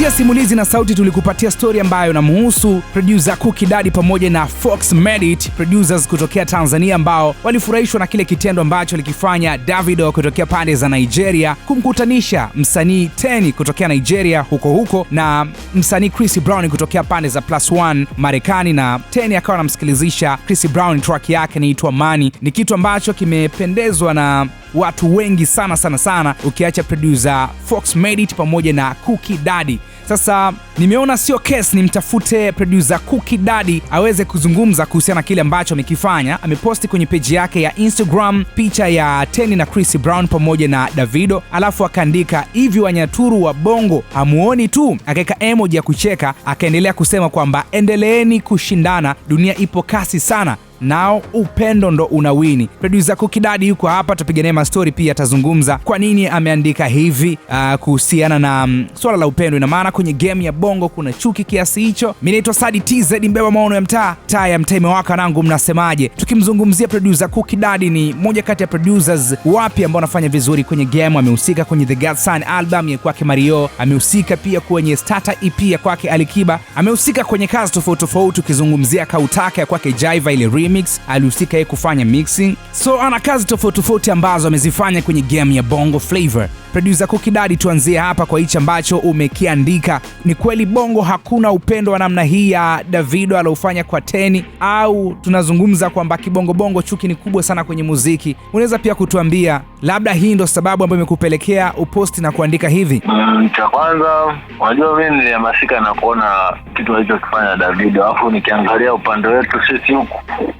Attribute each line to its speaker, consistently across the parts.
Speaker 1: Kupitia simulizi na sauti tulikupatia stori ambayo namhusu producer Cookie Daddy pamoja na Fox Medit, producers kutokea Tanzania ambao walifurahishwa na kile kitendo ambacho alikifanya Davido kutokea pande za Nigeria kumkutanisha msanii Teni kutokea Nigeria huko huko na msanii Chris Brown kutokea pande za Plus One Marekani, na Teni akawa anamsikilizisha Chris Brown track yake inaitwa Money. Ni kitu ambacho kimependezwa na watu wengi sana sana sana, ukiacha producer Fox Made It pamoja na Cookie Daddy. Sasa nimeona sio case nimtafute producer Cookie Daddy aweze kuzungumza kuhusiana na kile ambacho amekifanya. Ameposti kwenye peji yake ya Instagram picha ya Teni na Chris Brown pamoja na Davido, alafu akaandika hivi, wanyaturu wa bongo hamuoni tu, akaweka emoji ya kucheka, akaendelea kusema kwamba endeleeni kushindana, dunia ipo kasi sana nao upendo ndo unawini. Producer Kukidadi yuko hapa, tupiganie mastori pia, atazungumza kwa nini ameandika hivi uh, kuhusiana na um, swala la upendo. Ina maana kwenye game ya bongo kuna chuki kiasi hicho? Mimi naitwa Sadi TZ, mbeba maono ya mtaa, taa ya mtaa imewaka, nangu mnasemaje? Tukimzungumzia producer Kukidadi, ni moja kati ya producers wapi ambao anafanya vizuri kwenye game. Amehusika kwenye The God Sun album ya kwake Mario, amehusika pia kwenye Starter EP ya kwake Alikiba, amehusika kwenye kazi tofauti tofauti, ukizungumzia Kautaka ya kwake Jaiva ile remix, alihusika yeye kufanya mixing, so ana kazi tofauti tofauti ambazo amezifanya kwenye game ya Bongo flavor Producer Cookie tuanzie hapa kwa hichi ambacho umekiandika. Ni kweli Bongo hakuna upendo wa namna hii ya Davido aliofanya kwa Teni, au tunazungumza kwamba kibongobongo chuki ni kubwa sana kwenye muziki? Unaweza pia kutuambia labda hii ndo sababu ambayo imekupelekea uposti na kuandika hivi?
Speaker 2: Mm, kwanza, wajua mimi nilihamasika na kuona kitu alichokifanya Davido, alafu nikiangalia upande wetu sisi huku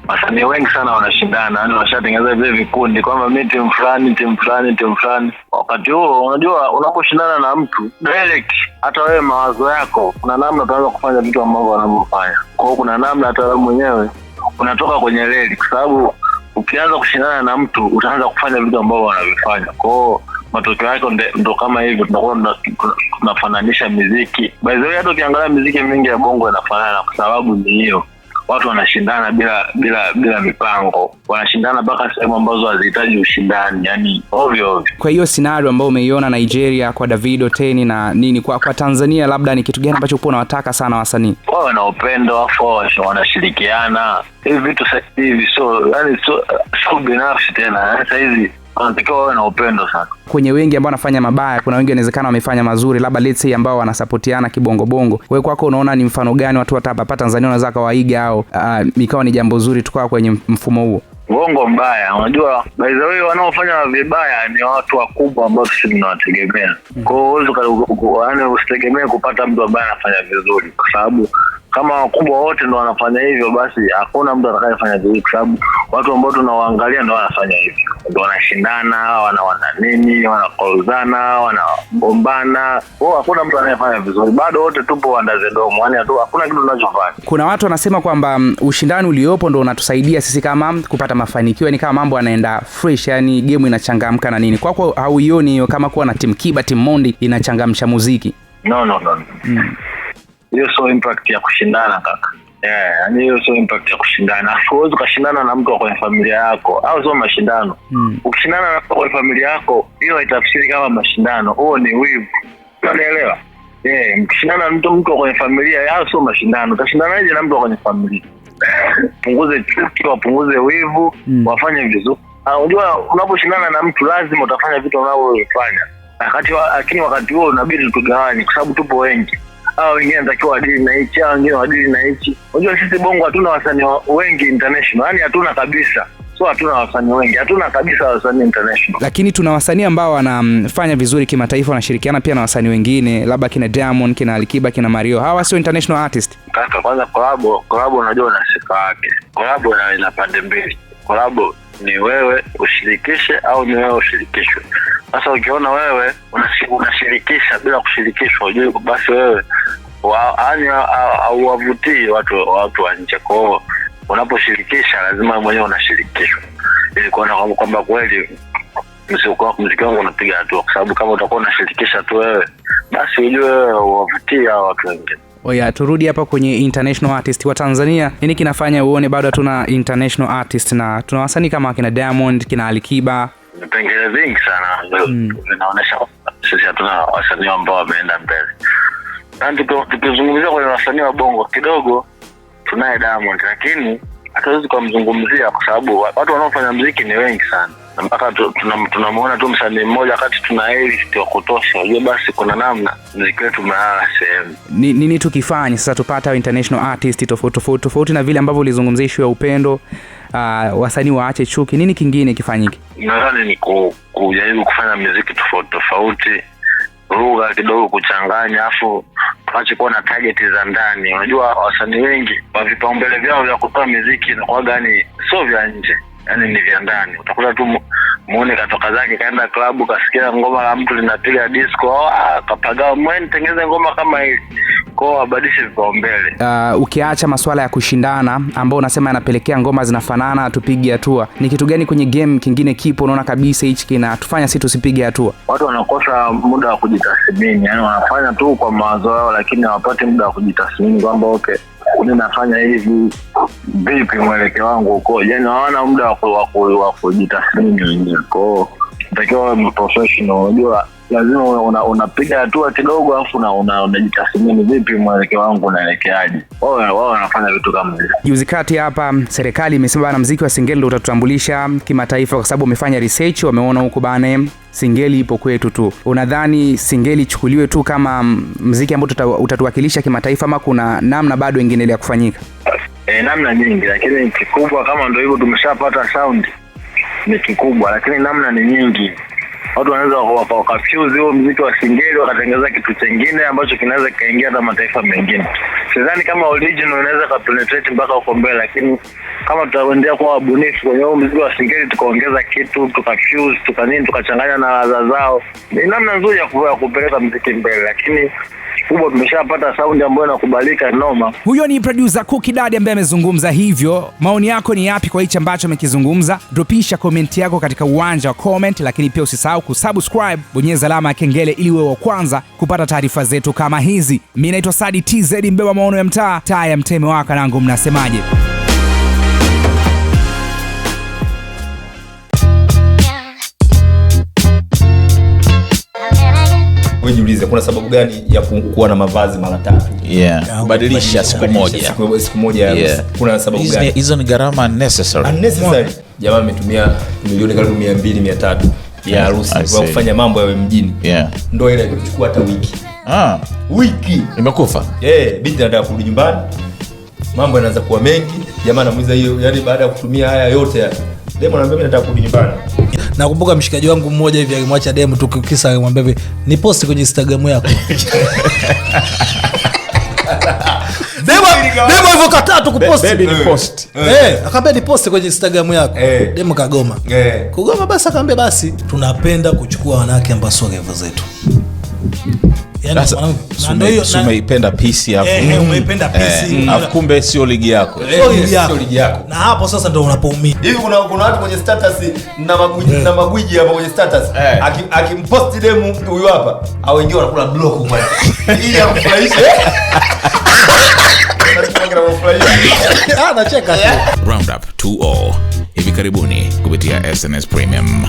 Speaker 2: wasanii wengi sana wanashindana, yani washatengeneza vile vikundi kwamba mi timu fulani timu fulani timu fulani. Wakati huo unajua, unaposhindana na mtu direct, hata wewe mawazo yako kuna namna utaweza kufanya vitu ambavyo wanavyofanya. kwao, kuna namna hata wewe mwenyewe unatoka kwenye reli, kwa sababu ukianza kushindana na mtu utaanza kufanya vitu ambavyo wanavifanya kwao matokeo yake ndo kama hivyo, tunakuwa tunafananisha miziki. By the way, hata ukiangalia miziki mingi ya bongo inafanana, kwa sababu ni hiyo watu wanashindana bila bila bila mipango, wanashindana mpaka sehemu ambazo hazihitaji ushindani, yani ovyo ovyo.
Speaker 1: Kwa hiyo scenario ambayo umeiona Nigeria kwa Davido Teni na nini, kwa kwa Tanzania labda ni kitu gani ambacho upo unawataka sana wasanii
Speaker 2: wao? Wana upendo afu wanashirikiana hivi vitu sasa hivi, so yani sio so binafsi tena, sasa hizi wanatakiwa wawe na upendo sana.
Speaker 1: Kwenye wengi ambao wanafanya mabaya, kuna wengi wanawezekana wamefanya mazuri, labda let's say ambao wanasapotiana kibongobongo. Wewe kwako unaona ni mfano gani watu hata hapa Tanzania wanaweza kawaiga au uh, ikawa ni jambo zuri tukawa kwenye mfumo huo?
Speaker 2: Uongo mbaya. Unajua, by the way, wanaofanya vibaya ni watu wakubwa ambao sisi tunawategemea. Mm. Kwa hiyo yaani usitegemee kupata mtu ambaye anafanya vizuri, kwa sababu kama wakubwa wote ndo wanafanya hivyo, basi hakuna mtu atakayefanya vizuri, kwa sababu watu ambao tunawaangalia ndo wanafanya hivyo, ndo wanashindana, wana wana nini, wanakoruzana, wanagombana. Oh, hakuna mtu anayefanya vizuri, bado wote tupo wandazedomo, yani hakuna kitu tunachofanya.
Speaker 1: Kuna watu wanasema kwamba mm, ushindani uliopo ndo unatusaidia sisi kama kupata mafanikio, yani kama mambo yanaenda fresh, yani game inachangamka na nini. Kwako hauioni hiyo kama kuwa na timu Kiba, timu Mondi inachangamsha muziki?
Speaker 2: No, no, no. Mm hiyo sio impact ya kushindana kaka. Yeah, yani hiyo sio impact ya kushindana. Siwezi ukashindana na mtu wa kwenye familia yako, au sio mashindano. Mm. Ukishindana na mtu kwenye familia yako, hiyo haitafsiri kama mashindano, huo ni wivu. Unaelewa? Yeah, mkishindana na mtu mtu kwenye familia, au sio mashindano. Utashindanaje na mtu wa kwenye familia? Punguze chuki, wapunguze wivu, mm. wafanye vizuri. Ah, unajua, unaposhindana na mtu lazima utafanya vitu unavyofanya, lakini wakati huo unabidi tugawanye, kwa sababu tupo wengi hao wengine anatakiwa wadili na hichi, hao wengine wadili na hichi. Unajua sisi Bongo hatuna wasanii wengi international, yani hatuna kabisa So, hatuna wasanii wengi, hatuna kabisa wasanii international,
Speaker 1: lakini tuna wasanii ambao wanafanya vizuri kimataifa, wanashirikiana pia na wasanii wengine, labda kina Diamond, kina Alikiba, kina Mario. Hawa sio international artist
Speaker 2: kaka. Kwanza kolabo, kolabo unajua na sifa yake. Kolabo ina pande mbili, kolabo ni wewe ushirikishe au ni wewe ushirikishwe. Sasa ukiona wewe unashirikisha bila kushirikishwa, ujue basi wewe yaani hauwavutii watu watu wa nje. Kwao unaposhirikisha, lazima mwenyewe unashirikishwa ili kuona kwamba kweli mziki wangu unapiga hatua, kwa sababu kama utakuwa unashirikisha tu wewe, basi ujue uwavutii hao watu wengine.
Speaker 1: Oya, turudi hapa kwenye international artist wa Tanzania. Nini kinafanya uone bado hatuna international artist, na tuna wasanii kama kina Diamond, kina Alikiba
Speaker 2: vipengele vingi sana vinaonyesha mm. sisi hatuna wasanii ambao wameenda mbele yaani tukizungumzia kwenye wasanii wa bongo kidogo tunaye Diamond, lakini hatuwezi kumzungumzia kwa sababu watu wanaofanya mziki ni wengi sana, na mpaka tunamuona tu msanii mmoja wakati tuna list wa kutosha. Hiyo basi, kuna namna mziki wetu umelala sehemu.
Speaker 1: Ni nini tukifanya sasa tupate international artist tofauti tofauti tofauti na vile ambavyo ulizungumzia ishu ya upendo Uh, wasanii waache chuki, nini kingine kifanyike?
Speaker 2: Nadhani ni kujaribu kufanya miziki tofauti tofauti, lugha kidogo kuchanganya, afu tuache kuwa na target za ndani. Unajua wasanii wengi wa vipaumbele vyao vya kutoa miziki inakuwaga sio vya nje, yani ni vya ndani. Utakuta tu muone katoka zake kaenda klabu kasikia ngoma la mtu linapiga disco, ah, kapagaa mweni ngoma kama hili kwao wabadilishe vipaumbele.
Speaker 1: Uh, ukiacha masuala ya kushindana ambao unasema yanapelekea ngoma zinafanana, tupige hatua, ni kitu gani kwenye game kingine kipo unaona kabisa hichi kinatufanya si tusipige hatua?
Speaker 2: Watu wanakosa muda wa kujitathmini, yani wanafanya tu kwa mawazo yao, lakini hawapati muda wa kujitathmini kwamba okay ni nafanya hivi vipi, mwelekeo wangu uko yani, hawana muda wa kujitathmini wenyewe kwao, takiwa professional, unajua lazima una, unapiga hatua kidogo, alafu unajitathmini vipi mwelekeo wangu unaelekeaje? Wao wanafanya vitu kama hivi.
Speaker 1: Juzi kati hapa serikali imesema bana, mziki wa singeli ndio utatutambulisha kimataifa, kwa sababu wamefanya research, wameona huko bane singeli ipo kwetu tu. Unadhani singeli ichukuliwe tu kama mziki ambao utatuwakilisha kimataifa ama kuna namna bado ingine kufanyika?
Speaker 2: E, namna nyingi, lakini kikubwa kama ndo hivyo, tumeshapata sound ni kikubwa, lakini namna ni nyingi watu wanaweza wakafuse huo mziki wa singeli wakatengeza kitu chengine ambacho kinaweza kikaingia hata mataifa mengine. Sidhani kama original inaweza kapenetrate mpaka huko mbele, lakini kama tutaendelea kuwa wabunifu kwenye huu mzigo wa Singeli, tukaongeza kitu tukafuse tuka nini tukachanganya na ladha zao, ni namna nzuri ya kupeleka mziki mbele, lakini kubwa tumeshapata saundi ambayo inakubalika noma.
Speaker 1: Huyo ni producer Kuki Dadi ambaye amezungumza hivyo. Maoni yako ni yapi kwa hichi ambacho amekizungumza? Dropisha komenti yako katika uwanja wa comment, lakini pia usisahau kusubscribe, bonyeza alama ya kengele ili uwe wa kwanza kupata taarifa zetu kama hizi. Mi naitwa Sadi TZ, mbeba maono ya mtaa taa ya mteme wako nangu, mnasemaje?
Speaker 3: kuna sababu gani ya kuwa na mavazi mara tatu yeah. Ah, kubadilisha siku moja siku moja yeah.
Speaker 4: kuna sababu gani
Speaker 3: hizo ni gharama unnecessary
Speaker 4: unnecessary
Speaker 3: jamaa ametumia milioni karibu 200 300 ya harusi kwa kufanya mambo yawe mjini yeah. ndo ile ilichukua hata wiki ah. wiki imekufa yeah, binti anataka kurudi nyumbani mambo yanaanza kuwa mengi jamaa anamuuliza hiyo yani baada ya kutumia haya yote demo anambia mimi nataka kurudi nyumbani
Speaker 1: Nakumbuka mshikaji wangu mmoja hivi alimwacha demu tu kisa, hivi ni posti kwenye instagramu yako demu
Speaker 4: akaambia
Speaker 1: ni kwenye Instagram yako hey. Eh. Eh, eh. Demu kagoma hey. Kugoma basi akaambia basi
Speaker 4: tunapenda kuchukua wanawake ambao sio revo zetu Yaani umeipenda pisi eh, eh, kumbe sio ligi yakona
Speaker 1: eh, hapo sasa ndo unapoumia.
Speaker 3: Hivi kuna watu kwenye status na magwiji na magwiji hapa kwenye status, akimposti demu huyu hapa au wengine wanakula block bwana,
Speaker 1: anacheka
Speaker 5: ah, hivi karibuni kupitia SnS Premium.